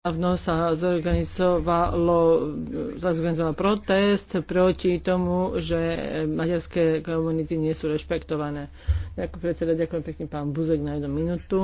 Dávno sa zorganizovalo, zorganizoval protest proti tomu, že maďarské komunity nie sú rešpektované. Ďakujem predseda, ďakujem pekne pán Buzek na jednu minútu.